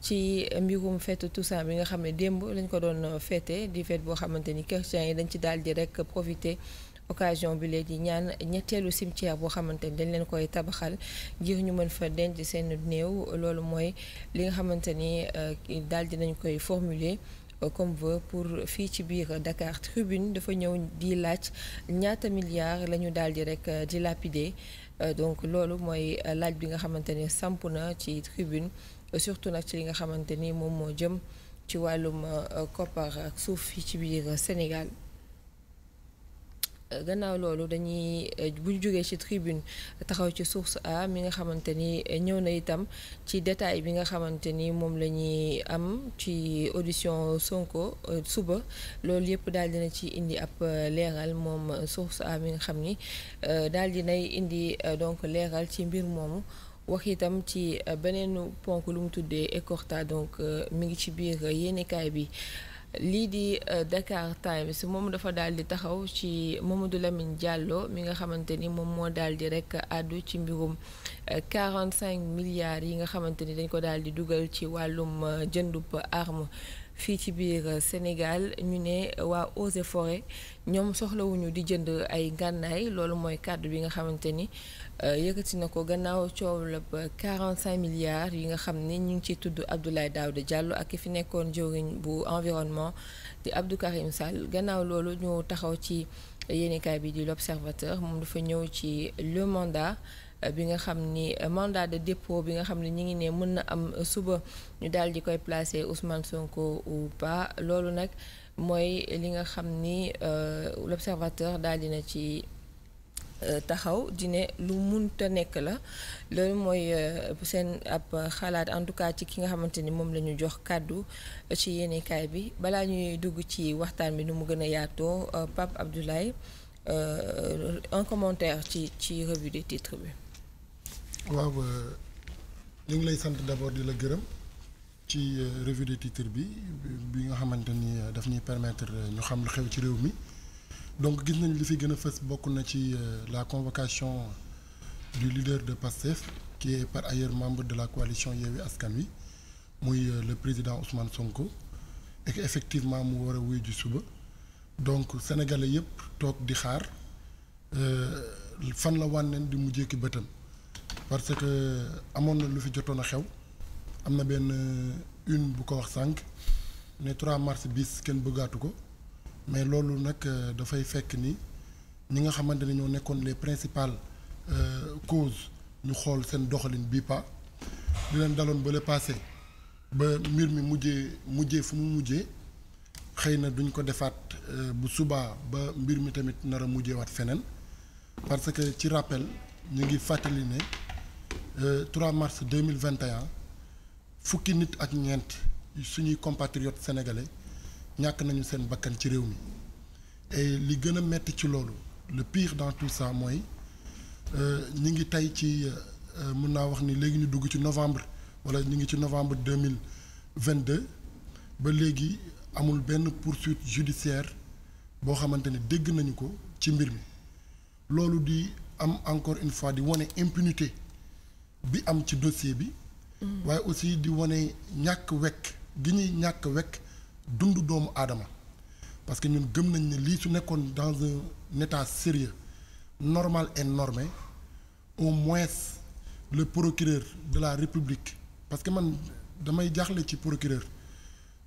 ci mbirum fête Toussaint bi nga xam ne démb lañ ko doon fête di fête boo xamante ni chrétiens yi dañ ci daal di rek profiter occasion bi lee ñaan ñetteelu cimetière boo xamante ni dañ leen koy tabaxal ngir ñu mën fa denc seen néew loolu mooy li nga xamante ni euh, daal di nañ koy formuler euh, comme vœu pour fii ci biir Dakar tribune dafa ñëw di laaj ñaata milliards la ñu daal di rek euh, dilapider donc loolu mooy laaj bi nga xamante ni samp na ci tribune. surtout nag ci li nga xamante ni moom moo jëm ci wàllum euh, euh, koppar ak suuf yi ci biir Sénégal euh, gannaaw loolu dañuy buñ ñu jógee ci tribune taxaw ci source a mi nga xamante ni ñëw na itam ci détail bi nga xamante ni moom la ñuy am ci audition Sonko suba loolu yëpp daal dina ci indi ab leeral moom source a mi nga xam ni daal dinay indi donc leeral ci mbir moomu wax itam ci euh, beneen ponk lu mu tuddee Ecorta donc euh, mu ngi ci biir euh, yéenekaay bi lii di Dakar Times moom dafa daal di taxaw ci moom du Lamine jàlloo mi nga xamante ni moom moo daal di rek àddu ci mbirum cinq milliards yi nga xamante ni dañ ko daal di dugal ci wàllum jëndub arme fii ci biir euh, Sénégal ñu ne euh, waa Eaux et ñoom soxlawuñu di jënd ay gànnaay loolu mooy kàddu bi nga xamante ni euh, yëkkati na ko gannaaw coow la 45 milliards yi nga xam ni ñu ngi ciy tudd daaw Daouda Diallo ak ki fi nekkoon jëwriñ bu environnement di Abdou Karim Sall gannaaw loolu ñu taxaw ci yéenekaay bi di l'Observateur moom dafa ñëw ci le mandat. Euh, bi nga xam ni euh, mandat de dépôt bi nga xam ne ñi ngi ne mën na am euh, suba ñu daal di koy placer Ousmane Sonko ou pas loolu nag mooy li nga xam ni l'observateur daal na ci taxaw dine lu munta nekk la loolu mooy seen ab xalaat en tout cas ci ki nga xamante ni moom la ñu jox kàddu ci yéenekaay bi balaa ñuy dugg ci waxtaan bi nu mu gën a yaatoo Pape Abdoulaye un commentaire ci ci revue des titres bi waaw euh, ñu ngi lay sant d' abord di la gërëm ci euh, revue de titre bi bi nga xamante ni euh, daf ñuy permettre ñu xam lu xew ci réew mi donc gis nañ li fi gën a fës bokk na ci la convocation du leader de PASTEF que est par ailleurs membre de la coalition Yewwi Askan Wi muy le président Ousmane Sonko et effectivement mu war a wuy ji suba donc sénégalais yëpp toog di xaar fan la wànneen di mu ki bëtam. parce que amoon na lu fi jotoon a xew am na benn euh, une bu ko wax sànq ne 3 mars bis kenn bëggaatu ko mais loolu nag euh, dafay fekk ni ñi nga xamante ne ñoo nekkoon les principales euh, causes ñu xool seen doxalin bii pa di leen daloon ba le ba mbir mi mujjee mujjee fu mu mujjee xëy na duñ ko defaat bu subaa ba mbir mi tamit nar a mujjee waat feneen parce que ci rappel ñu ngi fàttali ne 3 euh, mars 2021 fukki nit ak ñeent suñuy compatriotes sénégalais ñàkk nañu seen bakkan ci réew mi et li gën a metti ci loolu le pire dans tout ça mooy euh, ñu ngi tey ci euh, mën naa wax ni léegi ñu dugg ci novembre wala ñu ngi ci novembre 2022 ba léegi amul benn poursuite judiciaire boo xamante ni dégg nañu ko ci mbir mi loolu di am encore une fois di wane impunité bi am ci dossier bi. Mm. waaye aussi di wane ñàkk wekk gi ñuy ñàkk wekk dund doomu aadama parce que ñun gëm nañ ne lii su nekkoon dans un état sérieux normal et normé au moins le procureur de la république parce que man damay jaaxle ci procureur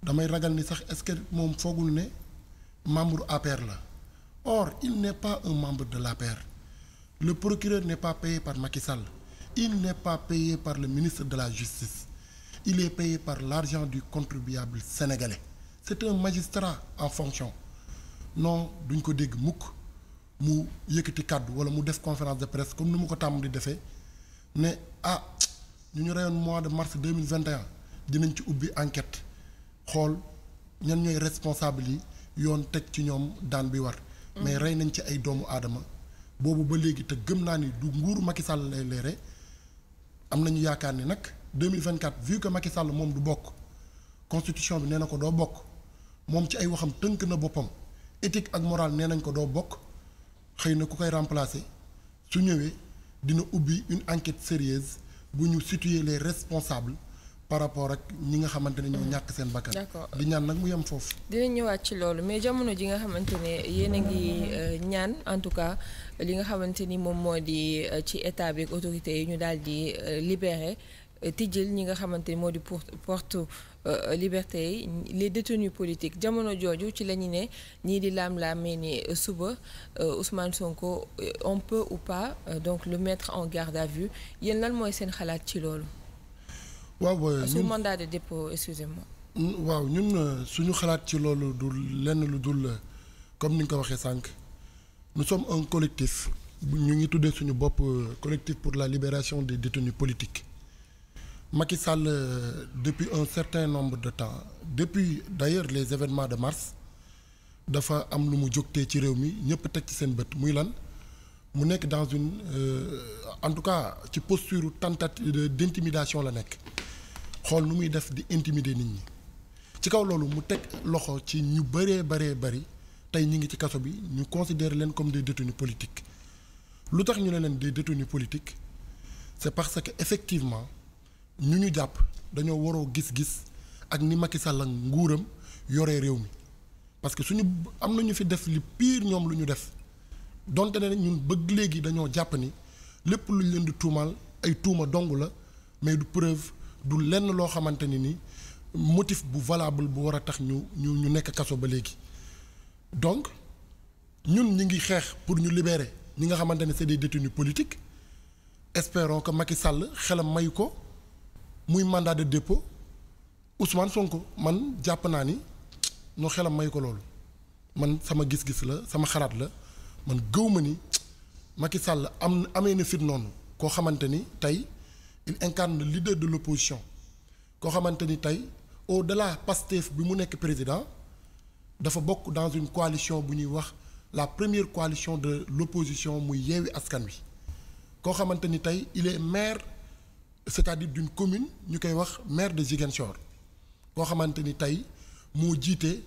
damay ragal ni sax est-ce que moom foogul ne membre APR la or il n'est pas un membre de l'APR le procureur n'est pas payé par Macky Sall. il n'est pas payé par le ministre de la Justice il est payé par l'argent du contribuable sénégalais c'est un magistrat en fonction non duñ ko dégg mukk mu yëkkati kàddu wala mu def conférence de presse comme ni mu ko tàmm di defee ne ah ñu ñu reyoon mois de mars 2021 dinañ ci ubbi enquête xool ñan ñooy responsable yi yoon teg ci ñoom daan bi war mais rey nañ ci ay doomu aadama boobu ba léegi te gëm naa ni du nguur Macky Sall lay leere am nañu yaakaar ni nag 2024 vu que Macky Sall moom du bokk constitution bi nee na ko doo bokk moom ci ay waxam tënk na boppam éthique ak morale nee nañ ko doo bokk xëy na ku koy remplacer su ñëwee dina ubbi une enquête sérieuse bu ñu situer les responsables par rapport ak ñi nga xamante ne ñoo ñàkk seen bakkan. d'accord di ñaan nag mu yem foofu. dinañ ñëwaat ci loolu mais jamono ji nga xamante ne yéen a ngi euh, ñaan en tout cas li nga xamante ni moom moo di euh, ci état bi ak autorités yi ñu daal di euh, libéré tijjil ñi nga xamante ni moo di pour porte liberté yi les détenus politiques jamono jooju ci la ñu ne ñii di laam-laamee ni suba Ousmane Sonko on peut ou pas donc le mettre en garde à vue yéen lan mooy seen xalaat ci loolu. waaw su mandat de dépôt waaw ñun euh, suñu xalaat ci loolu du lenn lu dul euh, comme ni nga ko waxee sànq nous sommes un collectif ñu ngi tuddee suñu bopp euh, collectif pour la libération des détenus politiques Macky Sall depuis un certain nombre de temps depuis d'ailleurs les événements de mars dafa am lu mu jógtee ci réew mi ñëpp teg ci seen bët muy lan mu nekk dans une euh, en tout cas ci posture tentative d'intimidation la nekk xool nu muy def di intimider nit ñi ci kaw loolu mu teg loxo ci ñu bëree baree bëri tey ñi ngi ci kaso bi ñu consider leen comme des détenus politiques lu tax ñu ne leen des détenus politiques c'est parce que effectivement ñu ñu jàpp dañoo waroo gis-gis ak ni Macky Sall nguuram yore réew mi parce que suñu am na ñu fi def li pire ñoom lu ñu def donte ne ñun bëgg léegi dañoo jàpp ni lépp luñ leen di tuumaal ay tuuma dong la mais du preuve du lenn loo xamante ni ni motif bu valable bu war a tax ñu ñu ñu nekk kaso ba léegi donc ñun ñi ngi xeex pour ñu libérer ñi nga xamante ne c'est des détenus politiques espérons que Macky Sall xelam may ko muy mandat de dépôt Ousmane Sonko man jàpp naa ni noo xelam may ko loolu man sama gis-gis la sama xalaat la man gëw ma ni Macky Sall am amee na fit noonu koo xamante ni tey. il incarne le leader de l'opposition koo xamante ni tey au-delà Pastef bi mu nekk président dafa bokk dans une coalition bu ñuy wax la première coalition de l'opposition muy Yewwi Askan Wi koo xamante ni tey il est maire c'est-à-dire d'une commune ñu koy wax maire de Ziguinchor koo xamante ni tey moo jiite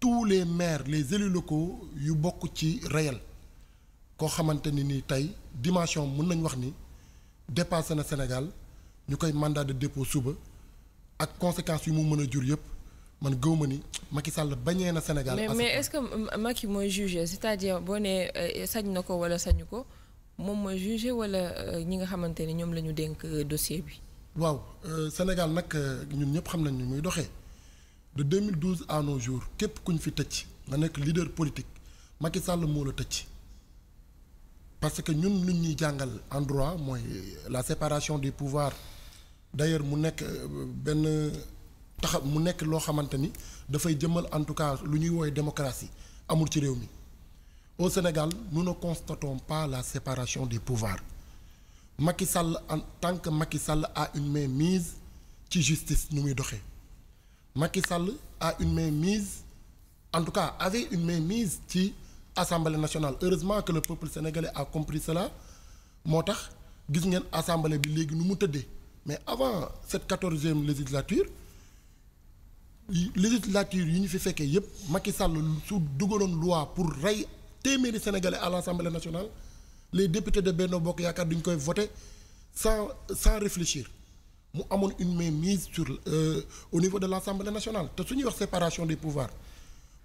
tous les maires les élus yu bokk ci réel koo xamante ni ni tey dimension mën nañ wax ni dépassé na Sénégal ñu koy mandat de dépôt suba ak conséquences yu mu mën a jur yëpp man gëw ma ni Macky Sall bañee na Sénégal. mais mais est-ce que Macky mooy jugé c'est-à-dire boo nee euh, sañ na ko wala sañu ko moom mooy jugé wala euh, ñi nga xamante ne ñoom la ñu dénk euh, dossier bi. waaw Sénégal nag ñun ñëpp xam nañ ni muy doxee de 2012 à nos jours képp ku ñu fi tëj nga nekk leader politique Macky Sall moo la tëj. parce que ñun lu ñuy jàngal endroit mooy la séparation des pouvoirs d'ailleurs mu nekk euh, benn taxa mu nekk loo xamante ni dafay jëmal en tout cas lu ñuy woowee démocratie amul ci réew mi au Sénégal nous ne constatons pas la séparation des pouvoirs Macky Sall en tant que Macky Sall a une main mise ci justice ñu muy doxee Macky Sall a une main mise en tout cas avait une main mise ci assemblée nationale heureusement que le peuple sénégalais a compris cela moo tax gis ngeen assemblée bi léegi nu mu tëddee mais avant cette quatorzième législature législature yi ñu fi fekkee yépp Macky Sall su dugaloon loi pour rey téeméeri sénégalais à l'assemblée nationale les députés de benn Bokk Yaakaar duñ koy voter sans sans réfléchir mu amoon une mise sur euh, au niveau de l'assemblée nationale te su ñuy wax séparation des pouvoirs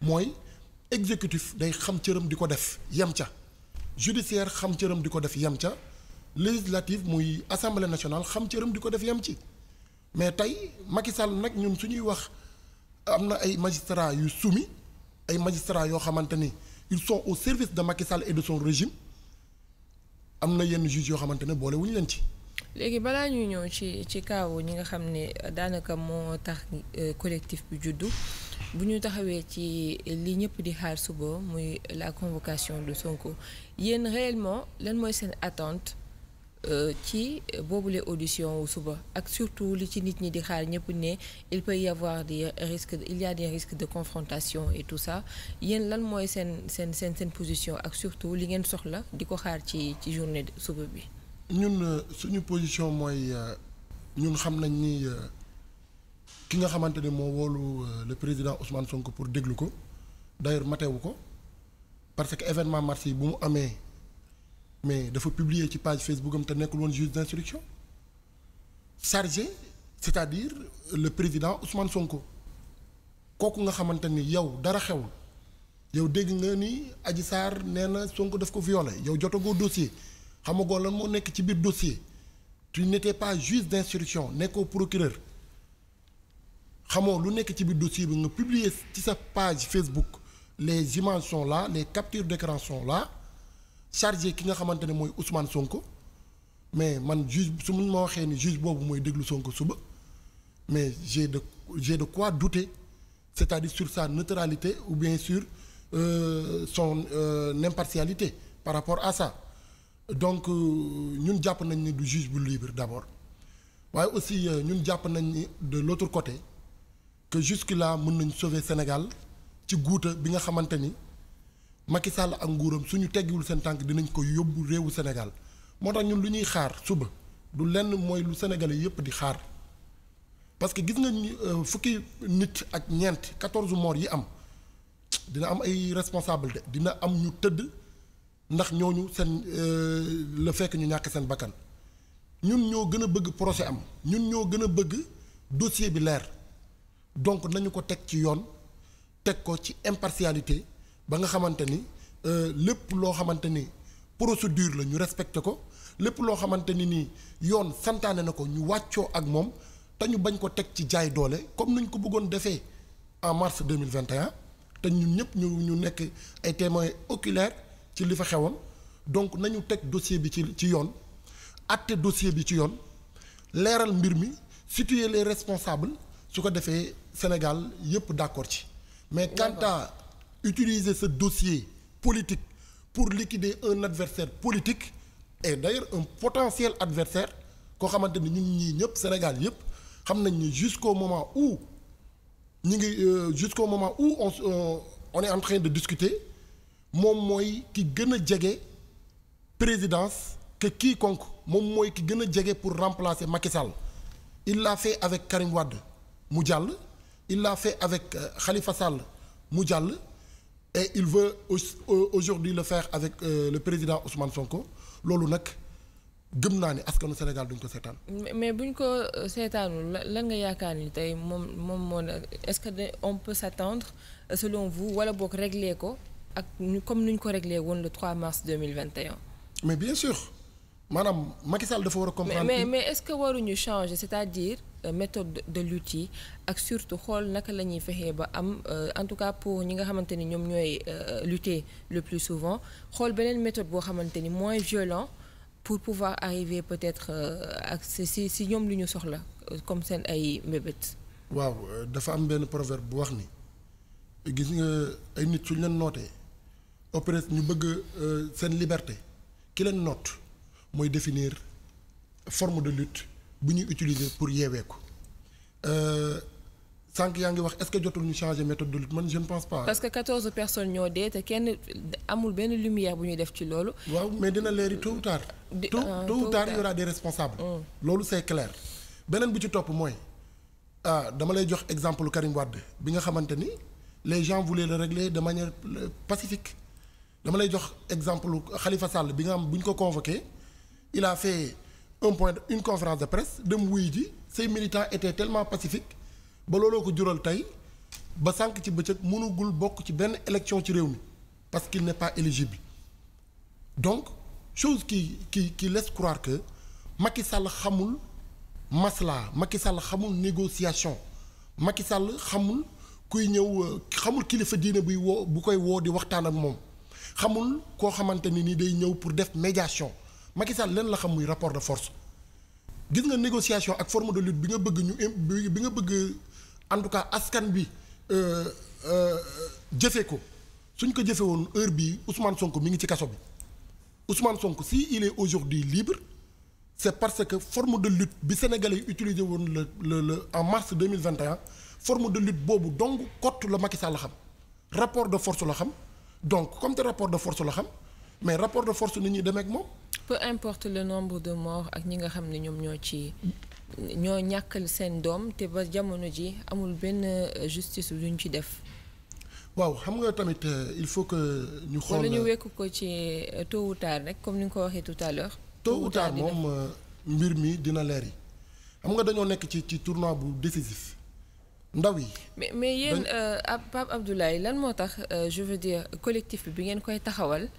mooy exécutif day xam cëram di ko def yem ca judiciaire xam cëram di ko def yem ca législative muy assemblée nationale xam cëram di ko def yem ci mais tey Macky Sall nag ñun suñuy wax am na ay magistrats yu soumis ay magistra yoo xamante ni ils sont au service de Macky Sall et régime am na yenn juges yoo xamante ne boole wuñu leen ci. léegi balaa ñuy ñëw ci ci kaw ñi nga xam ne daanaka moo tax euh, collectif bi juddu. bu ñu taxawee ci li ñëpp di xaar suba muy la convocation de Sonko yéen réelement lan mooy seen attente euh, ci boobule audition wu suba ak surtout li ci nit ñi di xaar ñëpp ne il peut y avoir des risques il de confrontation et tout ça yéen lan mooy seen seen seen seen position ak surtout li ngeen soxla di ko xaar ci ci journée suba bi. ñun euh, suñu position mooy euh, ñun xam nañ ni. ki nga xamante ni moo woolu euh, le président Ousmane Sonko pour déglu ko d'ailleurs matewu ko parce que événement mars yi bu mu amee mais dafa publier ci page Facebook am te nekkul woon juge d'instruction sarge c'est-à-dire le président Ousmane Sonko kooku nga xamante ni yow dara xewul yow dégg nga ni aji Sarr nee na Sonko daf ko violé yow jotagoo dossier xamagoo lan moo nekk ci biir dossier tu n'étais pas juge d'instruction nekkoo procureur xamoo lu nekk ci biir dossier bi nga publier ci sa page Facebook les images la les captures d'écran sont là chargé ki nga xamante ne mooy Ousmane Sonko mais man juge su mun ma waxee ni juge boobu mooy déglu Sonko suba mais j'ai de j'ai de quoi douté c'est-à-dire sur sa neutralité ou bien sur euh, son euh, impartialité par rapport à ça donc euh, ñun jàpp nañ ni du juge bu libre d'abord waaye aussi euh, ñun jàpp nañ ni de l'autre côté que jusque là mën nañ sauver Sénégal ci guuta bi nga xamante ni Macky Sall ak nguuram suñu teggiwul seen tànk dinañ ko yóbbu réewu Sénégal moo tax ñun lu ñuy xaar suba du lenn mooy lu Sénégalais yëpp di xaar parce que gis nga euh, fukki nit ak ñeent quatorze morts yi am dina am ay responsable de dina am ñu tëdd ndax ñooñu seen euh, la fekk ñu ñàkk seen bakkan ñun ñoo gën a bëgg procès am ñun ñoo gën a bëgg dossier bi leer donc nañu ko teg ci yoon teg ko ci impartialité ba nga xamante ni euh, lépp loo xamante ni procédure la ñu respecté ko lépp loo xamante ni nii yoon santaane na ko ñu wàccoo ak moom te ñu bañ ko teg ci jaay doole comme nuñ ko bëggoon defee en mars 2021 te ñun ñëpp ñu ñu nekk ay témoins oculaires ci li fa xewoon donc nañu teg dossier bi ci ci yoon àtte dossier bi ci yoon leeral mbir mi situer les responsables su ko defee Sénégal yëpp d'accord ci mais quant à utiliser ce dossier politique pour liquider un adversaire politique et d'ailleurs un potentiel adversaire koo xamante ni ñun ñii ñëpp Sénégal yëpp xam nañ ni jusqu'au moment ou ñu ngi euh, jusqu'au moment où on euh, on est de discuter moom mooy ki gën a jege présidence que quiconque moom mooy ki gën a jege pour remplacer Macky Sall il l'a fait avec Karim Wade mu jàll il l'a fait avec euh, Khalifa Sall mu jàll et il veut aujourd'hui le faire avec euh, le président Ousmane Sonko loolu nag gëm naa ni askanu Sénégal duñ ko seetaan. mais buñ ko euh, la lan nga yaakaar ni tey moom moom moo est-ce que on peut s'attendre selon vous wala boog régler ko ak ñu comme nuñ ko régler woon le 3 mars 2021. mais bien sûr maanaam Macky Sall dafa war a comprendre. mais mais est-ce que waruñu changer c'est-à-dire. Euh, méthode de lutte yi ak surtout xool naka la ñuy fexee ba am euh, en tout cas pour ñi nga xamante ni ñoom ñooy euh, lutter le plus souvent xool beneen méthode boo xamante ni moins violent pour pouvoir arriver peut-être ak si si ñoom lu ñu soxla comme seen ay mbébét. waaw dafa am benn proverbe bu wax ni gis nga ay nit suñ leen nootee opéré ñu bëgg seen liberté ki leen noot mooy définir forme de lutte. bu ñuy utiliser pour yeewee ko euh, sànq yaa ngi wax est-ce que jotul ñu changer méthode de lutte man je ne pense pas. parce que quatorze personnes ñoo dee te kenn amul benn lumière bu ñuy def ci loolu. waaw mais dina leeri tôt ou tard. Euh, tôt tôt ou tard il y aura des mm. loolu c'est clair. beneen bu ci topp mooy ah dama lay jox exemple Karim Wade bi nga xamante ni les gens voulaient le régler de manière euh, pacifique dama lay jox exemple xalifa Sall bi nga am bu ñu ko convoqué il un point une conférence de presse dem wuy ji say militants étaient tellement pacifiques ba looloo ko jural tey ba sànq ci bëccëg mënugul bokk ci benn élection ci réew mi parce que n'est pas éligible donc chose qui qui qui laisse croire que Macky Sall xamul maslaa Macky Sall xamul négociation Macky Sall xamul kuy ñëw euh, xamul kilifa diine buy woo bu koy woo di waxtaan ak moom xamul koo xamante ni nii day ñëw pour def médiation Macky Sall leen la xam muy rapport de force gis nga négociation ak forme de lutte bi nga bëgg ñu bi nga bëgg en tout cas askan bi euh, euh, jëfee ko suñ ko jëfe woon heure bi Ousmane sonk mi ngi ci kaso bi Ousmane Sonko si il est aujourd'hui libre c'est parce que form de lutte bi sénégalais yi utilisé woon le le le en mars 2021 forme de lutte boobu donc kott la Macky la xam rapport de force la xam donc comme te rapport de force la xam mais rapport de force nit ñi demee ak moom. peu importe le nombre de morts ak ñi nga xam ne ñoom ñoo ci. ñoo ñàkkal seen doom te ba jamono ji amul benn euh, justice luñ ci def. waaw xam nga tamit euh, il faut que ñu xool wala ñu euh, wekk ko ci tôt ou tard rek comme ni nga ko waxee tout à l'heure tôt ou tard moom mbir mi dina leer yi xam nga dañoo nekk ci ci tournoi bu décisif ndaw yi. mais mais yéen Pape Abdoulaye lan moo tax je veux dire collectif bi bi ngeen koy taxawal.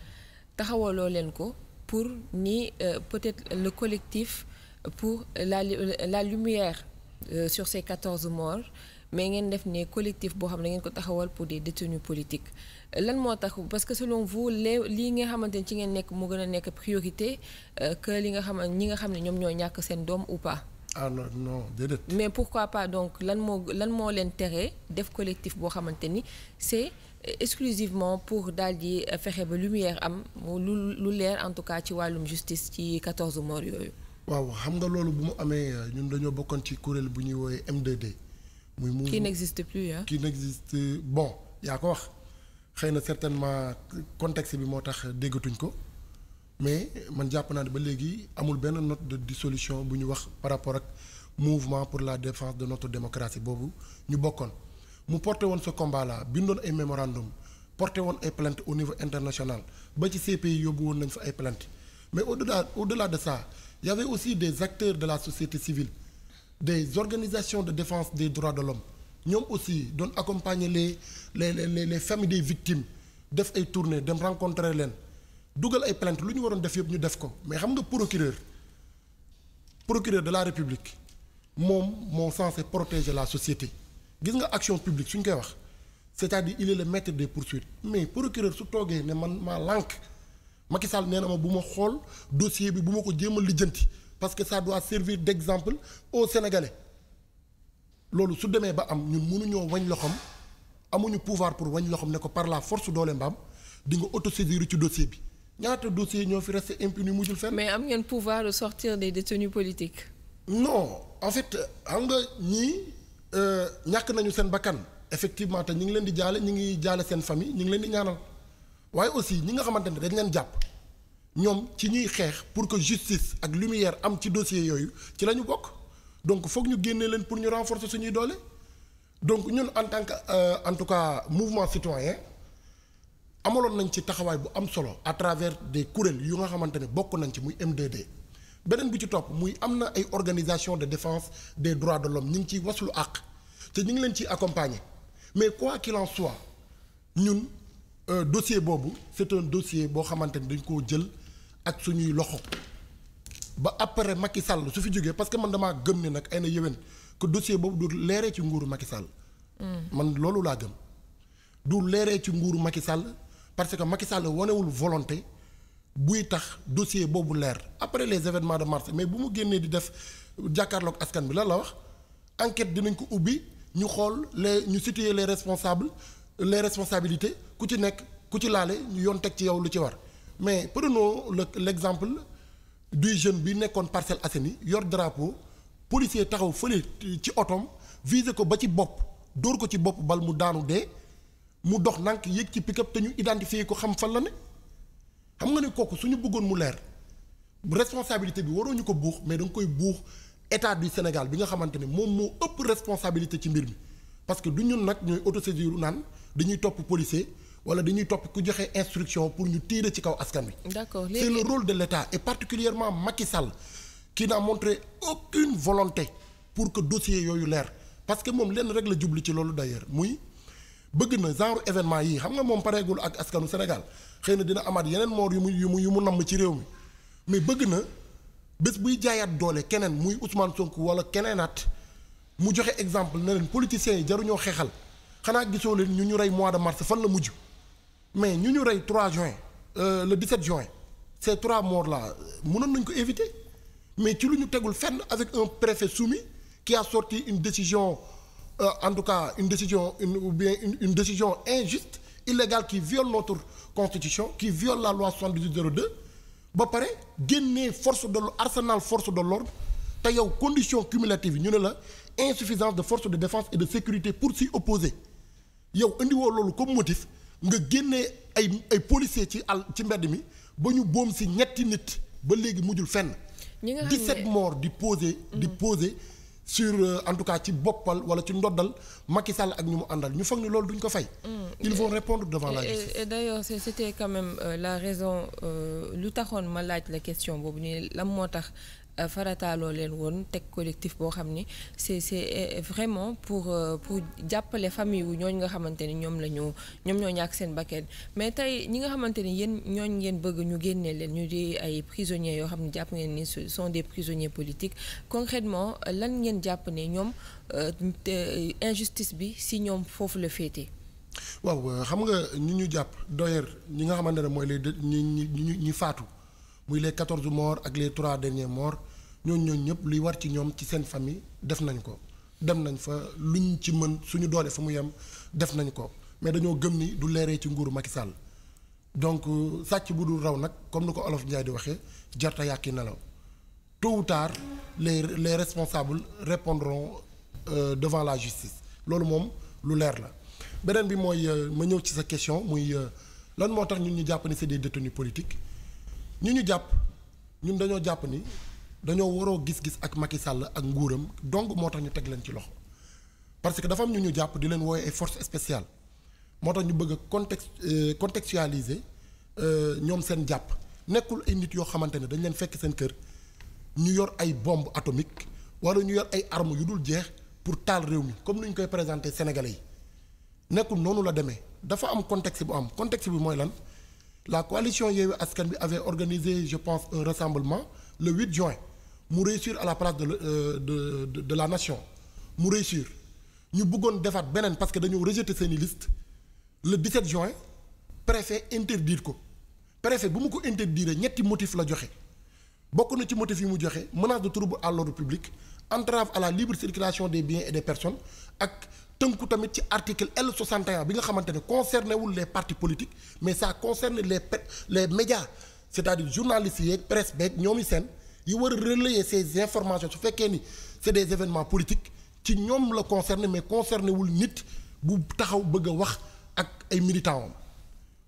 taxawaloo leen ko pour ni euh, peut-être le collectif pour la la lumière euh, sur ces quatorze morts mais ngeen def ne collectif boo xam ne ngeen ko taxawal pour des détenus politiques lan moo tax parce que selon vous les lii nga xamante ni ci ngeen nekk mu gën a nekk priorité euh, que li nga xaman ñi nga xam ne ñoom ñoo ñàkk seen doom ou pas. ah non non déedéet. mais pourquoi pas donc lan moo lan moo leen tere def collectif boo xamante ni c'est exclusivement pour daal di euh, fexe ba lumière am lu lu leer en tout cas ci wàllum justice ci 14 morts yooyu. waaw xam nga loolu bu mu amee euh, ñun dañoo bokkoon ci kuréel bu ñuy woowee m 2 muy mu qui n'existe plus ah. qui n'existe bon yaa ko wax xëy na certainement contexte bi moo tax déggatuñ ko mais man jàpp naa ne ba léegi amul benn note de dissolution bu ñu wax par rapport ak mouvement pour la défense de notre démocratie boobu ñu bokkoon. mu porté woon sa combat là bindoon ay mémorandum porte woon ay plainte au niveau internationale ba ci CPI yóbbu woon nañ fa ay plainte mais au delà au delà de ça y avait aussi des acteurs de la société civile des organisations de défense des droits de l'homme ñoom aussi doon accompagner les les les les familles des victimes def ay tournées dem rencontrer leen dugal ay plainte lu ñu waroon def yëpp ñu def ko mais xam nga procureur procureur de la république moom moo censé protéger la société gis nga action publique suñ koy wax c'est-à-dire il est le maître des poursuites mais procureur su toogee ne man maa lànk Macky Sall nee na ma bu ma xool dossier bi bu ma ko jéemal lijjanti parce que ça doit servir d'exemple aux Sénégalais loolu su demee ba am ñun mënuñoo wañ loxoom amuñu pouvoir pour wañ loxom ne ko par la force doole mbaam di nga autosaisir ci dossier bi ñaata dossier ñoo fi rest impuni mujjul fenn. mais am ngeen pouvoir de sortir des détenus politiques. non en fait xam nga ñii. Euh, ñàkk nañu seen bakkan effectivement te ñu ngi leen di jaale ñu ngi jaale seen famille ñu ngi leen di ñaanal waaye aussi ñi nga xamante ne dañ leen jàpp ñoom ci ñuy xeex pour que justice ak lumière am ci dossier yooyu ci la ñu bokk donc foog ñu génnee leen pour ñu renforcer suñuy doole donc ñun en tant que euh, en tout cas mouvement citoyen amaloon nañ ci taxawaay bu am solo à travers des kuréel yu nga xamante ne bokk nañ ci muy m beneen bu ci topp muy am na ay organisation de défense des droits de l'homme ñu ngi ciy waslu àq te ñu ngi leen ci accompagner mais quoi qu'il en soit ñun euh, dossier boobu c'est un boo xamante ni dañ koo jël ak suñuy loxo ba après Macky Sall su fi jógee parce que man damaa gëm ni nag ay na yéwén que dossier boobu du leeree ci nguuru makisal mm. man loolu laa gëm du leeree ci nguuru Macky Sall parce que Macky Sall wanewul volonté. buy tax dossier boobu leer après les événements de mars mais bu mu génnee di def jàkkaarlook askan bi lan la wax enquête dinañ ko ubbi ñu xool les ñu situer les responsables les responsabilités ku ci nekk ku ci laale ñu yoon teg ci yow lu ci war mais prenons le l'exemple du jeune bi nekkoon Parcelles Assainies yor drapeau policier taxaw fële ci otoom visé ko ba ci bopp dóor ko ci bopp bal mu daanu dee mu dox nank yéeg ci pick te ñu identifié ko xam fan la ne xam nga ne kooku suñu bëggoon mu leer responsabilité bi waroo ko buux mais da nga koy buux état du Sénégal bi nga xamante ne moom moo ëpp responsabilité ci mbir mi parce que du ñun nag ñooy auto autosaisir naan dañuy topp policier wala dañuy topp ku joxe instruction pour ñu tiire ci kaw askan bi d'accord c'est le rôle de l'État et particulièrement Macky Sall qui n'a montré aucune volonté pour que dossier yooyu leer parce que moom lenn rek la jubli ci loolu d'ailleurs muy bëgg na genre événement yi xam nga moom pareegul ak askanu Sénégal xëy na dina amaat yeneen moor yu mu yu mu yu mu namm ci réew mi mais bëgg na bés buy jaayaat doole keneen muy Ousmane Sonko wala keneenaat mu joxe exemple ne leen politiciens yi jaruñoo xeexal xanaa gisoo leen ñu ñu rey mois de mars fan la mujj mais ñu ñu rey trois juin euh, le 17 juin ces trois morts là mënoon nañ ko éviter mais ci lu ñu tegul fenn avec un préfet soumis qui a sorti une décision euh, en tout cas une décision une ou bien une, une décision injuste illégale qui viole notre constitution qui viole la loi 7802 ba pare génnee force de arsenal force de l'ordre te yow condition cumulative yi ñu ne la insuffisance de force de défense et de sécurité pour s'y opposer yow indiwoo loolu comme motif nga génnee ay ay policiers ci àll ci mbedd mi ba ñu boom si ñetti nit ba léegi mujjul fenn. ñi nga xam di poser di mm-hmm. poser sur euh, en tout cas ci boppal wala ci ndoddal Macky Sall ak ñu mu àndal ñu foog ni loolu duñ ko fay. Mm. ils vont répondre devant la justice. et d'ailleurs c'était quand même euh, la raison euh, lu taxoon ma laaj la question boobu ñu lan moo tax. Euh, farataaloo leen woon teg collectif boo xam ni c'est c'est euh, vraiment pour euh, pour jàppale famille wu ñooñ nga xamante ni ñoom la ñu ñoom ñoo ñàkk seen bakkan mais tey ñi nga xamante ni yéen ñooñ ngeen bëgg ñu génnee leen ñu di ay prisonniers yoo xam ne jàpp ngeen ni ce sont des prisonniers politiques concrètement lan ngeen jàpp ne ñoom injustice bi si ñoom foofu la féete. waaw xam nga ñu ñu jàpp doyer ñi nga xamante ne mooy les ñi ñi ñi faatu. muy les quatorze morts ak les trois derniers morts ñooñ ñooñu ñëpp luy war ci ñoom ci seen famille def nañ ko dem nañ fa luñ ci mën suñu doole fa mu yem def nañ ko mais dañoo gëm ni du leeree ci nguuru Macky Sall donc euh, sàcc bu dul raw nag comme ni ko olof Ndiaye di waxee jarta yàqi nelaw tôt ou tard les les responsables répondront euh, devant la justice loolu moom lu leer la beneen bi mooy euh, ma ñëw ci sa question muy euh, lan moo tax ñun ñu jàpp ni c'est des détenus politiques ñu ñu jàpp ñun dañoo jàpp ni dañoo waroo gis-gis ak Macky Sall ak nguuram donc moo tax ñu teg leen ci loxo parce que dafa am ñu ñu jàpp di leen wooyee ay force spéciale moo tax ñu bëgg a context euh, contextualiser euh, ñoom seen jàpp nekkul ay nit yoo xamante ne dañ leen fekk seen kër ñu yor ay bomb atomique wala ñu yor ay armes yu dul jeex pour taal réew mi comme ni ñu koy présenté Sénégalais yi nekkul noonu la demee dafa am contexte bu am contexte bi mooy lan la coalition Yewwi Askan bi avait organisé je pense un rassemblement le 8 juin mu réussir à la place de euh, de, de la nation mu réussir ñu bëggoon defaat beneen parce que dañoo rejeter seeni liste le 17 juin préfet interdire ko préfet bu mu ko interdire ñetti motif la joxe bokk na ci motif yi mu joxe menace de trouble à l'ordre public entrave à la libre circulation des biens et des personnes ak tënku tamit ci article L61 bi nga xamante ne concerné wul les partis politiques mais ça concerne les les médias c'est-à-dire journalistes yeeg presse beeg ñoom i seen yi war a relayer ces informations su fekkee ni c'est des événements politiques ci ñoom la concerné mais concerné wul nit bu taxaw bëgg a wax ak ay militants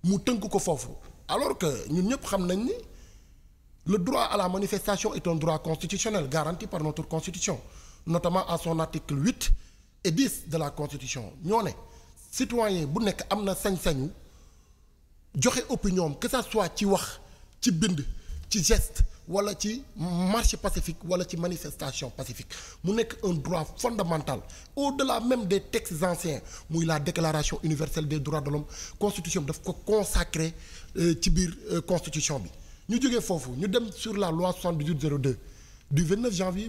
mu tënk ko foofu alors que ñun ñëpp xam nañ ni le droit à la manifestation est un droit constitutionnel garanti par notre constitution à son article et de la constitution ñoo ne citoyen bu nekk am na sañ-sañu joxe opinion que ça soit ci wax ci bind ci geste wala ci marche pacifique wala ci manifestation pacifique mu nekk un droit fondamental au-delà même des textes anciens muy la déclaration universelle des droits de l'homme constitution bi daf ko consacré euh, ci biir euh, constitution bi ñu jógee foofu ñu dem sur la loi 7802 du 29 janvier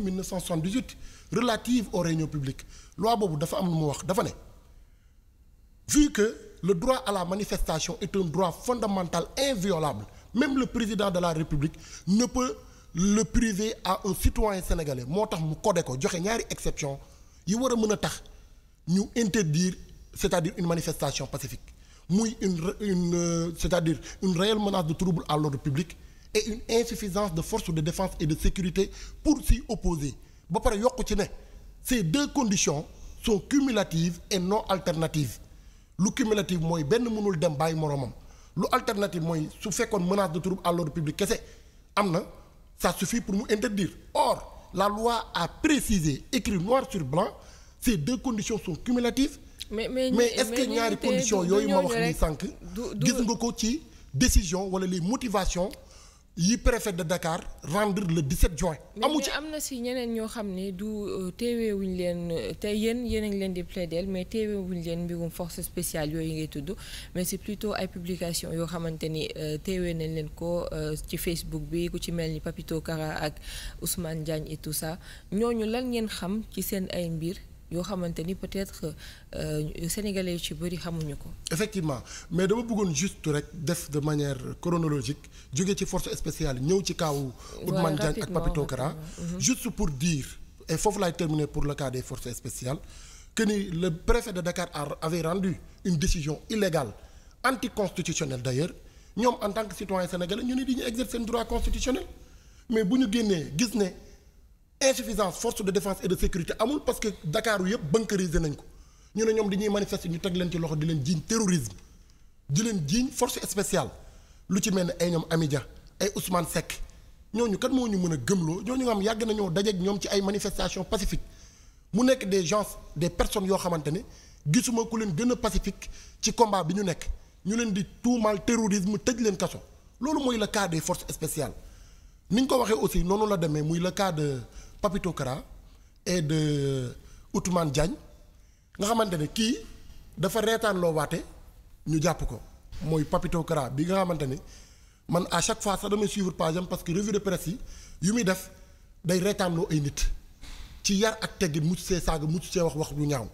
relative aux réunions publiques loi boobu dafa am lu mu wax dafa ne vu que le droit à la manifestation est un droit fondamental inviolable même le président de la République ne peut le priver à un citoyen sénégalais moo tax mu codé ko joxe ñaari exception yi war a mën a tax ñu interdire c'est-à-dire une manifestation pacifique muy une une euh, c'est-à-dire une réelle menace de trouble à l'ordre public et une insuffisance de forces de défense et de sécurité pour s'y opposer ba pare yokk ci ne ces deux condition sont cumulative et non alternatives lu cumulative mooy benn mënul dem bàyyi moroomam lu alternative mooy su fekkoon menace de trouble à l'ordre public kese am na ça suffit pour mu interdire or la loi à précisé écrit noir sur blanc ces deux conditions sont cumulatives mais mais mais est ñaari conditions yooyu ma wax ni sànq gis nga ko ci décision wala les motivations yi préfet de Dakar rendre le 17 juin. amu ci am na si ñeneen ñoo xam ne du euh, teeweewuñ leen euh, te yéen yéen a leen di plaider mais teeweewuñ leen mbirum force spéciale yooyu ngay tudd mais c'est plutôt ay publication yoo xamante ni euh, teewee nañ leen ko ci Facebook bi ku ci mel ni Papito Kara ak Ousmane Diagne et tout ñooñu lan ngeen xam ci seen ay mbir. yoo xamante ni peut-être euh, euh, sénégalais yu ci bëri xamuñu ko. effectivement mais dama bëggoon juste rek def de manière chronologique jóge ci force spéciale ñëw ci kaawu. Ousmane Diagne ak Papito Kara mhm. juste pour dire et foofu laay terminer pour le cas des forces spéciales que ni le préfet de Dakar avait rendu une décision illégale anticonstitutionnelle d'ailleurs ñoom en tant que citoyen sénégalais ñu ne di ñu exercer seen droit constitutionnel mais bu ñu génnee gis ne. insuffisance force de defence et de sécurité amul parce que Dakar yëpp bunkériser nañ ko ñu ne ñoom dañuy manifester ñu teg leen ci loxo di leen jiiñ terrorisme di leen jiiñ force spéciale lu ci mel ni ay ñoom Amidia ay Ousmane Seck ñooñu kan moo ñu mën a gëmloo ñooñu nga am yàgg nañoo dajeeg ñoom ci ay manifestations pacifique mu nekk des gens des personnes yoo xamante ne gisuma ku leen gën a pacifique ci combat bi ñu nekk ñu leen di tuumaal terrorisme tëj leen kaso loolu mooy le cas des forces spéciales ni ko waxee aussi noonu la demee muy le cas Papito Kara et de Outmane Diagne nga xamante ne kii dafa reetaan waate ñu jàpp ko mooy Papito Kara bi nga xamante ni man à chaque fois sax damay suivre page am parce que revue de presse yi yu muy def day reetaanloo ay nit ci yar ak teggin mucc see saaga mucc see wax wax lu ñaaw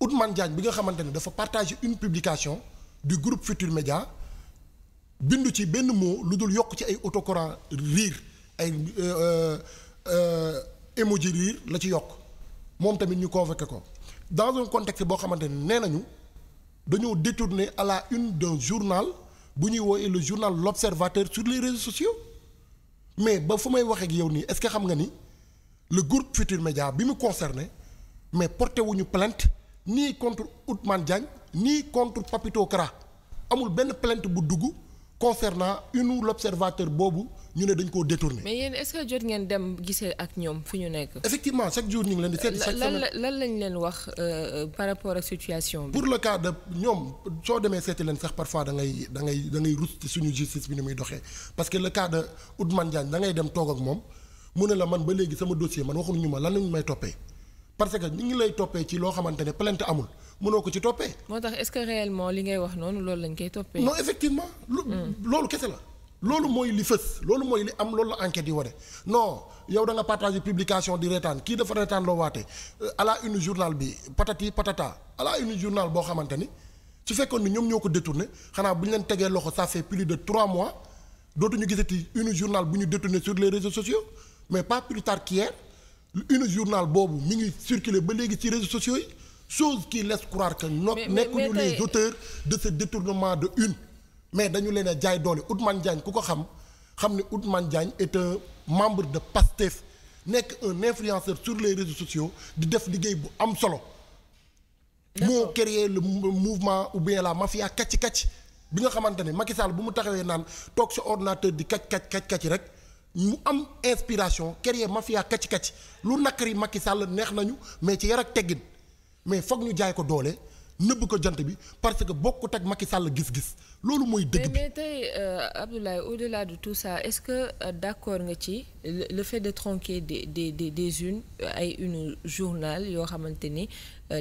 Outmane Diagne bi nga xamante ne dafa partager une publication di groupe Futur Média bindu ci benn mot lu dul yokk ci ay autocollants riir ay euh, euh, Euh, hémodiuréure la ci yokk moom tamit ñu convoqué ko dans un contexte boo xamante ne nee nañu dañoo détourné à la une d'un journal bu ñuy woowee le journal l'observateur sur les réseaux sociaux mais ba fu may waxee ak yow nii est-ce que xam nga ni le groupe Futur Média bi mu concerné mais porté wuñu plainte nii contre Ousmane Diagne nii contre Papito Kara amul benn plainte bu dugg consernant une l'observateur boobu ñu ne dañ koo détourné. mais yéen est-ce que jot ngeen dem gise ak ñoom fi ñu nekk. effectivement chaque jour ñu ngi leen di seet. chaque semaine lan lan lañ leen wax euh, euh, par rapport ak situation bi. pour le cas ñoom soo demee seeti leen sax parfois da da ngay da ngay rus ci suñu justice bi ni muy doxee parce que le cas de Oudmane Diagne da ngay dem toog ak moom mu ne la man ba léegi sama dossier man ñu ma lan lañu may toppee. parce que ñu ngi lay toppee ci loo xamante ne plainte amul mënoo ko ci toppee. moo tax est-ce que réellement li ngay wax noonu loolu lañ koy toppee. non effectivement. Hmm. loolu kese la. loolu mooy li fës loolu mooy li am loolu la enquête yi ware non yow da nga partagé publication di reetaan kii dafa reetaan loo waate euh, à une journal bi patati patata à la une journal boo xamante ni su fekkoon ni ñoom ñoo ko détourné xanaa bu ñu leen tegee loxo ça fait plus de trois mois dootuñu gisati une journal bu ñu détourné sur les réseaux sociaux mais pas plus tard qu'hier une journal boobu mi ngi circulé ba léegi ci réseaux sociaux yi chose qui laisse croire que. mais mais nekkuñu les auteurs de ce de une. mais dañu leen a jaay doole Ousmane Diagne ku ko xam xam ne Ousmane Diagne est un membre de PASTEF nekk un influenceur sur les réseaux sociaux di def liggéey bu am solo. moo créé le mouvement ou bien la mafia kàcc kàcc bi nga xamante ne Macky Sall bu mu taxawee naan toog sa ordinateur di kàcc kàcc kàcc kàcc rek mu am inspiration créé mafia kàcc kàcc lu nakari Macky Sall neex nañu mais ci yar teggin mais foog ñu jaay ko doole nëbb ko jant bi parce que bokkut ak Macky Sall gis-gis. loolu mooy dëgg bi mais tey euh, Abdoulaye au-delà de tout ça est-ce que euh, d'accord nga ci le fait de tronquer des des des des unes euh, ay une journal yoo xamante ni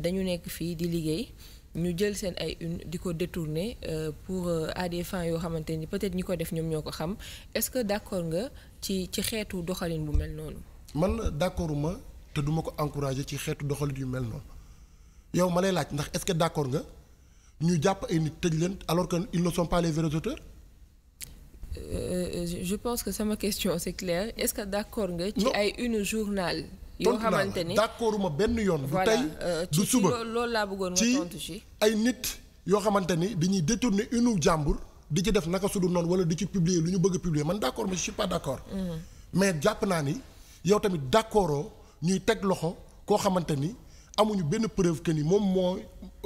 dañu nekk fii di liggéey ñu jël seen ay une di ko détourner pour à des yoo xamante ni peut-être ñi ko def ñoom ñoo ko xam est-ce que d'accord nga ci ci xeetu doxalin bu mel noonu. man ma te duma ko encourager ci xeetu doxalin yu mel noonu yow ma lay laaj ndax est-ce que d'accord nga. ñu jàpp ay nit tëj leen alors que ils ne sont pas les euh, je pense que sama question c'est clair est-ce que d'accord nga. ci ay une journal. yoo xamante ni d'accord ma benn yoon. du tey euh, du suba loolu laa bëggoon nga tontu ci ay nit yoo xamante ni dañuy détourner une jàmbur di ci def naka su noon noonu wala di ci publier lu ñu bëgg a publier man d'accord mais je suis pas d'accord. Mm-hmm. mais jàpp naa ni yow tamit d'accord ñuy teg loxo koo xamante ni. amuñu benn preuve que ni moom moo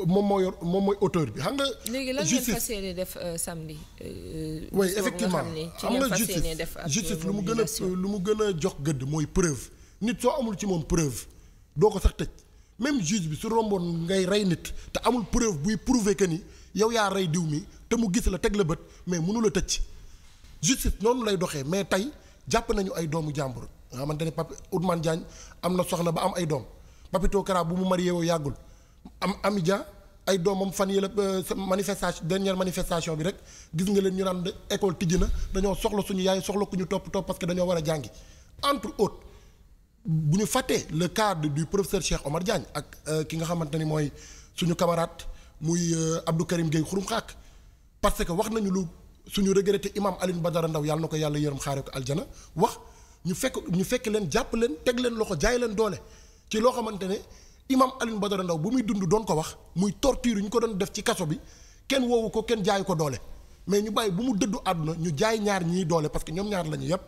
moom moo yor moom mooy auteur bi xam nga. léegi lan ngeen fas yéene def euh, samedi. Euh, oui effectivement xam nga justice justice lu mu gën a lu mu gën a jox gëdd mooy preuve nit soo amul ci moom preuve doo ko sax tëj même juge bi su romboon ngay rey nit te amul preuve buy prouver que ni yow yaa rey diw mi te mu gis la teg la bët mais mënu la tëj justice noonu lay doxee mais tey jàpp nañu ay doomu jàmbur nga xamante ne Pape Oudmane Diagne am na soxna ba am ay doom. Papito Kara bu mu marié woo yàggul am Amidia ay doomam fan yële euh, manifestation dernière manifestation bi rek gis nga leen ñu naan école tijji na dañoo soxla suñu yaay soxla ku ñu topp topp parce que dañoo war a jàngi entre autres bu ñu fàttee le cadre du professeur Cheikh Omar Diagne ak euh, ki nga xamante ni mooy suñu camarade muy euh, Abdou Karim Gueye xurum xaak parce que wax nañu lu suñu regretté imam Alioune Badara Ndaw yàlla na ko yàlla yërëm xaare ko aljana wax ñu fekk ñu fekk leen jàpp leen teg leen loxo jaay leen doole ci loo xamante ne imam Alioune Badara ndaw bu muy dund doon ko wax muy torture ñu ko doon def ci kaso bi kenn woowu ko kenn jaayu ko doole mais ñu bàyyi bu mu dëddu àdduna ñu jaay ñaar ñiy doole parce que ñoom ñaar la ñu yëpp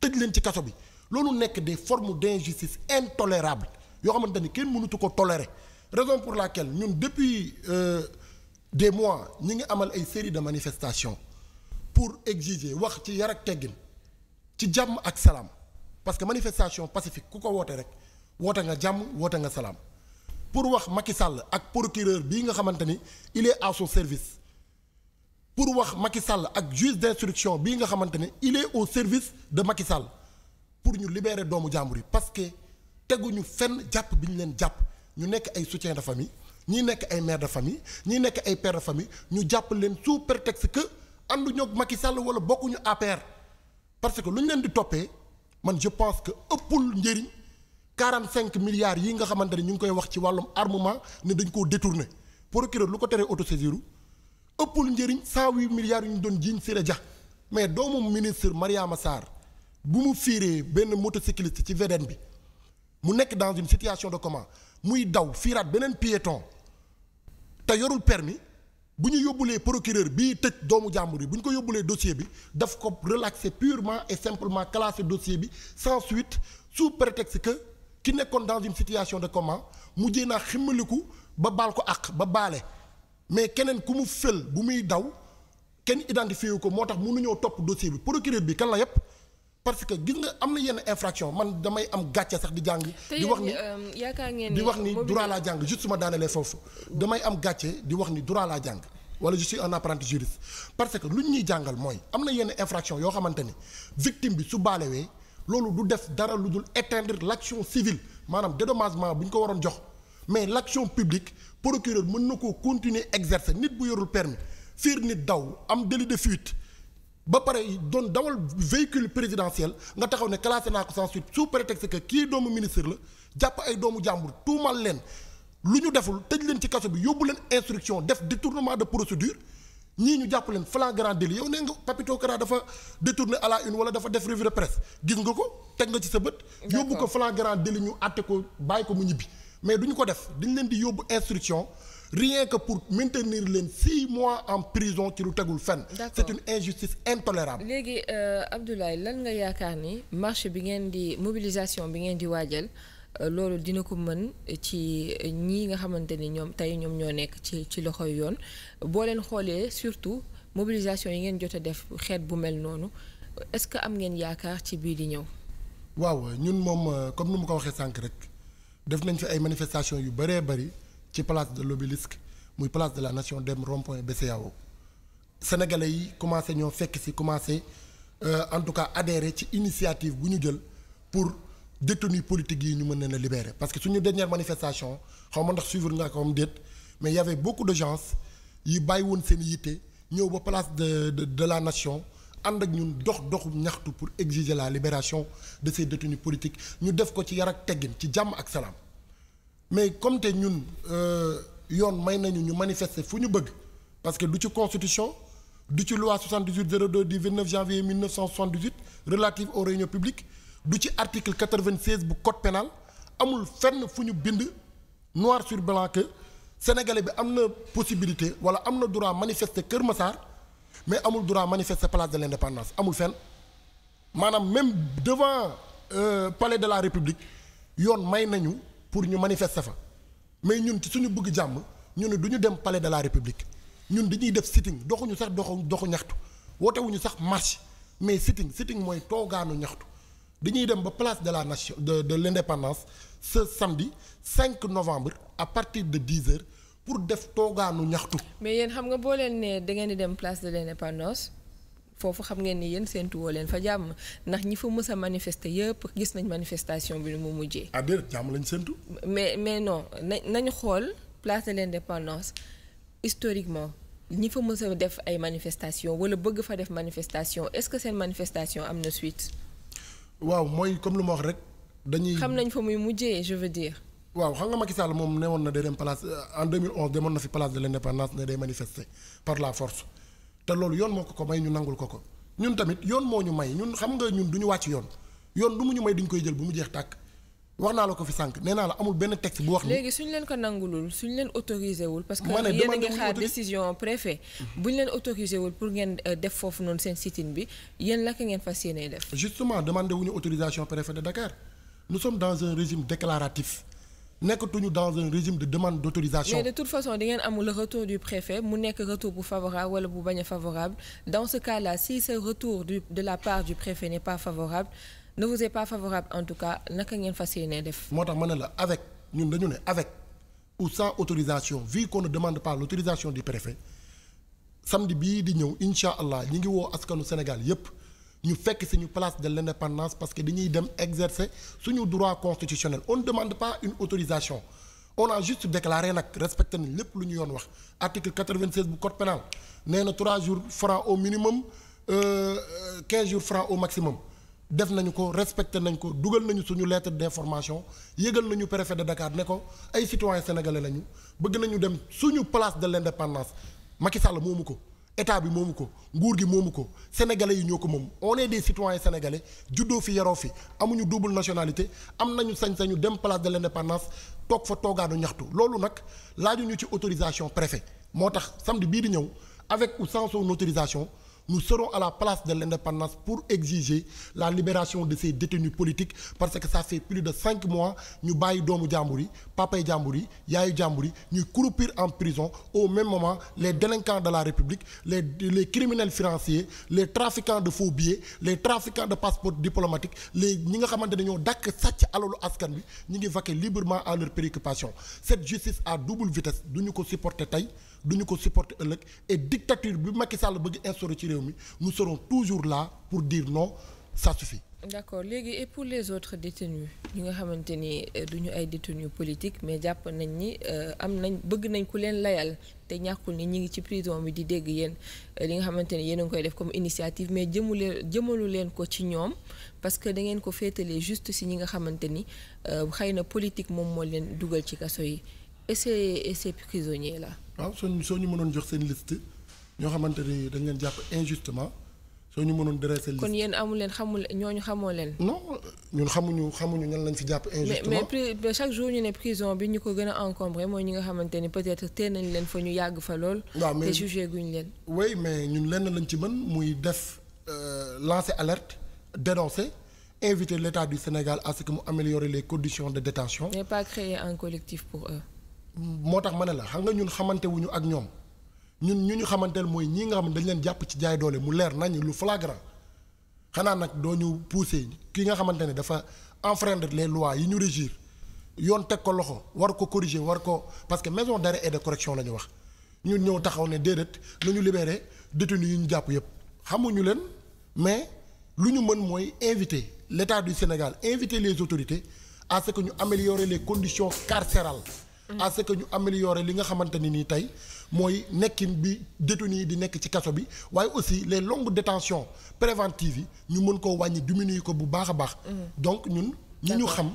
tëj leen ci kaso bi loolu nekk des formes d'injustice intolérable yoo xamante ni kenn mënutu ko tolérer raison pour la laquelle ñun depuis euh, des mois ñi ngi amal ay série de manifestation pour exiger wax ci yar ak teggin ci jàmm ak salaam parce que manifestation pacifique ku ko woote rek woote nga jàmm woote nga salaam pour wax Macky Sall ak procureur bii nga xamante ni il à son service pour wax Macky Sall ak juge d'instruction bii nga xamante ni il au service de Macky Sall pour ñu libérer doomu jàmbur yi parce que teguñu fenn jàpp bi ñu leen jàpp ñu nekk ay soutien de famille ñi nekk ay mère de famille ñi nekk ay per de famille ñu jàpp leen sous k que ànduñu ak Macky Sall wala bokkuñu APR parce que lu ñu leen di toppee man je pense que ëppul njëriñ. quarante cinq milliards yi nga xamante ne ñu ngi koy wax ci wàllum armement ni dañ koo détourné procureur lu ko teree autosaisir ëppul njëriñ cent huit milliards yu ñu doon jiiñ Siré Dia mais doomu ministre Mariama Sarr bu mu fiiree benn motocycliste ci VDN bi mu nekk dans une situation de comment muy daw fiiraat beneen piéton te yorul permis bu ñu yóbbulee procureur bii tëj doomu jàmbur yi bu ñu ko yóbbulee dossier bi daf ko relaxer purement et simplement classer dossier bi sans suite sous prétexte que ki nekkoon dans une situation de comment mujjee naa ximmaliku ba baal ko àq ba baale mais keneen ku mu fël bu muy daw kenn identifié wu ko moo tax mënuñoo topp dossier bi procureur bi kan la yëpp parce que gis nga am na yenn infraction man damay am gàcce di jàng. di wax ni euh, yaakaar ngeen di wax ni droit laa jàng juste ma daanelee foofu. damay am gàcce di wax ni droit laa jàng. wala je suis un apprenti parce que lu ñuy jàngal mooy am na yenn infraction yoo xamante ni victim bi su baalewee. loolu du def dara lu dul etendre l' action maanaam dédommagement bu ñu ko waroon jox mais laction action publique procureur mën na koo continuer exercer nit bu yorul permis fiir nit daw am délit de fuite ba pare doon dawal véhicule présidentiel nga taxaw ne classé naa ko sans suite sous prétexte que kii doomu ministre la jàpp ay doomu jàmbur tuumal leen lu ñu deful tëj leen ci kaso bi yóbbu leen instruction def détournement de procédure ñii ñu jàpp leen flagrant délit yow nee nga Papito Kara dafa détourné à la une wala dafa def revue de presse gis nga ko teg nga ci sa bët. yóbbu ko flagrant délit ñu àtte ko bàyyi ko mu ñibbi. mais duñu ko def dañ leen di yóbbu instruction rien que pour maintenir leen six mois en prison ci lu tegul fenn. c'est une injustice intolérable. léegi euh, Abdoulaye lan nga yaakaar ni marché bi ngeen di mobilisation bi ngeen di waajal. Euh, loolu dina ko mën ci ñii nga xamante ni ñoom tey ñoom ñoo nekk ci ci loxoy yoon boo leen xoolee surtout mobilisation yi ngeen jot def xeet bu mel noonu est-ce que am ngeen yaakaar ci bii di ñëw. waaw ñun moom comme nu mu ko waxee sànq rek def nañ fi ay manifestation yu bëree bëri ci place de l'Obélisque muy place de la nation dem rond-point BCEAO sénégalais yi commencé ñoo fekk si commencé euh, en tout cas adhéré ci initiative bu ñu jël pour. détenus politiques yi ñu mën leen a libérer parce que ñu dernière manifestation xaw ma ndax suivre naa ko am déet mais y avait beaucoup de yi bàyyi woon seen yitte ñëw ba place de de la nation ànd ak ñun dox doxu ñaxtu pour exiger la libération de ces détenus politiques ñu def ko ci yar ak teggin ci jàmm ak salaam mais comme te ñun euh, yoon may nañu ñu manifester fu ñu bëgg parce que du ci constitution du ci loi 78 02 du 29 janvier 1978 relative aux du ci article quatre-vingt-seize bu code pénal amul fenn fu ñu bind noir sur blanc que sénégalais bi am na possibilité wala am na droit manifester Kër Massar mais amul droit manifester place de l'indépendance amul fenn maanaam même devant euh, palais de la république yoon may nañu pour ñu manifester fa mais ñun ci suñu bugg jàmm ñu ne du ñu dem palais de la république ñun dañuy def sitting doxuñu sax doxu doxu ñaxtu wootewuñu sax marché mais sitting sitting mooy toogaanu ñaxtu. dañuy dem ba place de la nation de de l'indépendance ce samedi 5 novembre à partir de 10 heures pour def toogaanu ñaxtu. mais yéen xam nga boo leen ne da di dem place de l'indépendance foofu xam ngeen ni yéen séntu woo leen fa jàmm ndax ñi fa mës a manifester yëpp gis nañ manifestation bi nu mu mujjee. ah déedéet jàmm lañ séntu. mais mais non nañ nañu xool place de l'indépendance historiquement. ñi fa mës a def ay manifestation wala bëgg fa def manifestation est-ce que seen manifestation am na suite waaw mooy comme lu ma wax rek. dañuy xam nañ fa muy mujje je veux dire. waaw xam nga Macky Sall moom ne woon na day dem place euh, en 2011 demoon na fi place de l' ne day manifester par la force te loolu yoon moo ko ko may ñu nangul ko ko ñun tamit yoon moo ñu may ñun xam nga ñun du ñu wàcc yoon yoon lu mu ñu may duñ koy jël bu mu jeex tàkk. wax naa la ko fi sànq nee naa la amul benn texte bu wax. léegi suñu leen ko nangulul suñu leen autorisé wul. parce que yéen a ngi xaar décision préfet. Mm-hmm. bu ñu leen autorisé wul pour ngeen euh, def foofu noonu seen sit-in bi yéen la ka ngeen fas yéenee def. justement demandé wuñu autorisation préfet de Dakar nous sommes dans un régime déclaratif. nekkatuñu dans un régime de demande d'autorisation. mais de toute façon di ngeen amul retour du préfet mu nekk retour wala bu bañ a favorable dans ce cas pas favorable. ne vous pas favorable en tout cas naka ngeen fas yéenee def. moo tax ma ne la avec ñun dañu ne avec ou sans autorisation vu qu'on ne demande pas l'autorisation du préfet samedi bii di ñëw incha allah ñi ngi woo askanu Sénégal yépp ñu fekk suñu place de l'indépendance parce que dañuy dem exercer suñu droit constitutionnel on demande pas une autorisation on a juste déclaré nag respecté nañ lépp lu ñu yoon wax article 96 bu code pénal nee na 3 jours francs au minimum euh, 15 euh, jours francs au maximum. def nañu ko respecté nañ ko dugal nañu suñu lettre d'information yëgal nañu préfet de Dakar ne ko ay citoyens sénégalais lañu bëgg nañu dem suñu place de l'indépendance Macky Sall moomu ko état bi moomu ko nguur gi moomu ko sénégalais yi ñoo ko moom on est des citoyens sénégalais juddoo fi yaroo fi amuñu double nationalité am nañu sañ-sañu dem place de l'indépendance toog fa toogaanu ñaxtu loolu nag laajuñu ci autorisation préfet moo tax samedi bii di ñëw avec ou autorisation nous serons à la place de l'indépendance pour exiger la libération de ces détenus politiques parce que ça fait plus de cinq mois ñu bàyyi doomu jàmbur yi papay jàmbur yi yaayu jàmbur yi ñuy croupir en prison au même moment les délinquants de la République les les criminels financiers le trafiquants de faux billets les trafiquants de passeports diplomatiques les ñi nga xamante ne ñoo dàkk sàcc alalu askan bi ñu ngi vaquer librement à leur préoccupation cette justice à double vitesse duñu ko supporter tey du ñu ko supporter ëllëg et dictature bi Macky Sall bëgg instaurer ci réew mi nous serons toujours là pour dire non ça suffit. d'accord léegi et pour les autres détenus ñi nga xamante ni euh, duñu ay détenus politiques mais jàpp nañ ni euh, am nañ bëgg nañ ku leen layal te ñàkkul ni ñi ngi ci prison bi di dégg yéen euh, li nga xamante ni yéen a ngi koy def comme initiative mais jëmu leen jëmalu leen ko ci ñoom parce que da ngeen ko féetalee juste si ñi nga xamante ni xëy na politique moom moo leen dugal ci kaso yi. et ces et ces prisonniers là. waaw soo soo ñu mënoon jox seen list ñoo xamante ni dañ leen jàpp injustement soo ñu mënoon dresser liste. kon yéen amul leen xamul ñooñu xamoo leen. non ñun xamuñu xamuñu ñan lañ fi jàpp. injustement mais mais chaque jour ñu ne prison bi ñu ko gën a encombré mooy ñi nga xamante ni peut-être teel nañ leen fa ñu yàgg fa lool. waaw mais te jugé guñ leen. oui mais ñun lenn lañ ci mën muy def euh, lancer alerte dénoncer. inviter l'État du Sénégal à ce que mu améliorer les conditions de détention. mais pas créer un collectif moo tax ma ne la xam nga ñun xamantewuñu ak ñoom ñun ñu ñu xamanteel mooy ñii nga xam ne dañ leen jàpp ci jaay doole mu leer nañu lu flagrant xanaa nag doo ñu poussé ki nga xamante ne dafa enfreindre les lois yi ñu régir yoon teg ko loxo war ko corriger war ko parce que maison d'arrêt et correction la ñu wax ñun ñëw taxaw ne déedéet la ñu libéré détenu yi ñu jàpp yépp xamuñu leen mais lu ñu mën mooy inviter l' du Sénégal inviter les autorités à ce que ñu améliorer les conditions carcérales à ce que ñu améliorer li nga xamante ni nii tey mooy nekkin bi détenu yi di nekk ci kaso bi waaye aussi les longues détentions préventives yi ñu mën koo wàññi diminuer ko bu baax a baax mm. donc ñun ñi ñu xam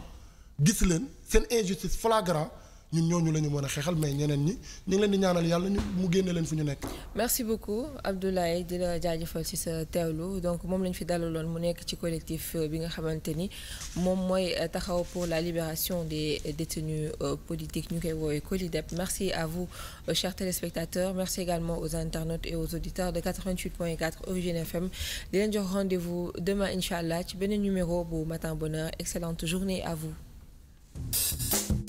gis leen seen injustice flagrant ñun ñooñu la ñu mën a xeexal mais ñeneen ñi ñu ngi leen di ñaanal yàlla ñu mu génne leen fu ñu nekk. merci beaucoup Abdoulaye di la jaajëfal ci sa teewlu donc moom lañu fi dalaloon mu nekk ci collectif euh, bi nga xamante ni moom mooy euh, taxaw pour la libération des détenus euh, politiques ñu koy woowee COLIDEP merci à vous chers téléspectateurs merci également aux internautes et aux auditeurs de 88.4 Origine FM di leen jox rendez-vous demain incha allah ci beneen numéro bu Matin Bonheur excellente journée à vous.